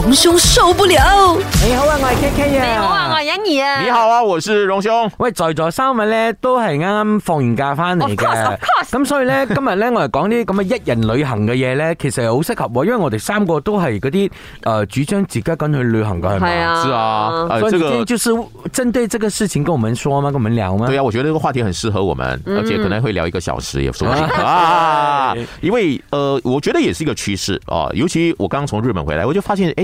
榮兄受不了！你好啊，我係 K K 呀。你好啊，我係欣宜啊。你好啊，我是榮、啊啊、兄。喂，在座三位呢，都係啱啱放完假翻嚟嘅，咁、oh, 所以呢，今日呢， 我哋講啲咁嘅一人旅行嘅嘢呢，其實好適合、哦，因為我哋三個都係嗰啲誒主張自己跟去旅行嘅嘛。係咪？啊，是啊，誒、嗯，這個、呃、就是針對這個事情跟我們說嗎？跟我們聊嗎？對啊，我覺得呢個話題很適合我們，而且可能會聊一個小時也不足啊，因為呃，我覺得也是一個趨勢啊，尤其我剛從日本回來，我就發現、欸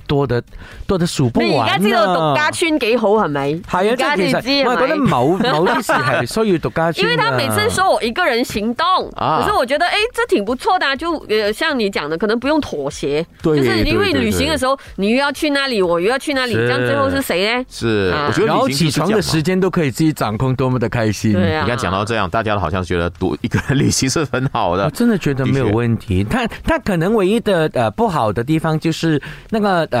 多得多得數不完啊！你應該知道獨家村幾好係咪？係啊，而家先知啊！唔係覺得某某啲事係需要獨家村，因為他每次說我一個人行動， 可是我覺得誒、欸，這挺不錯的啊！就呃像你講的，可能不用妥協，對對對對，就是因為旅行的時候，你又要去那裏，我又要去那裏，是這樣最後是誰呢？是，我覺得旅行。然後、啊、起床的時間都可以自己掌控，多麼的開心！對啊、你看講到這樣，大家都好像覺得獨一個人旅行是很好的。我真的覺得沒有問題。確他他可能唯一的呃不好的地方就是那個。誒、呃。